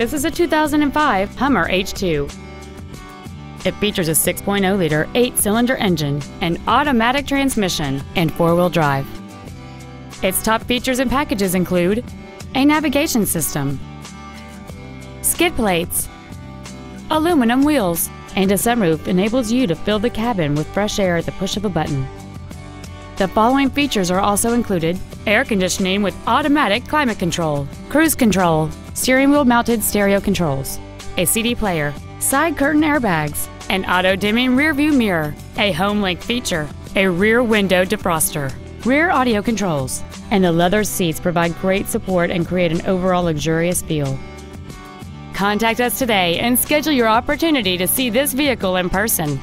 This is a 2005 Hummer H2. It features a 6.0 liter, 8 cylinder engine, an automatic transmission, and four wheel drive. Its top features and packages include a navigation system, skid plates, aluminum wheels, and a sunroof enables you to fill the cabin with fresh air at the push of a button. The following features are also included air conditioning with automatic climate control, cruise control, steering wheel mounted stereo controls, a CD player, side curtain airbags, an auto dimming rearview mirror, a home link feature, a rear window defroster, rear audio controls, and the leather seats provide great support and create an overall luxurious feel. Contact us today and schedule your opportunity to see this vehicle in person.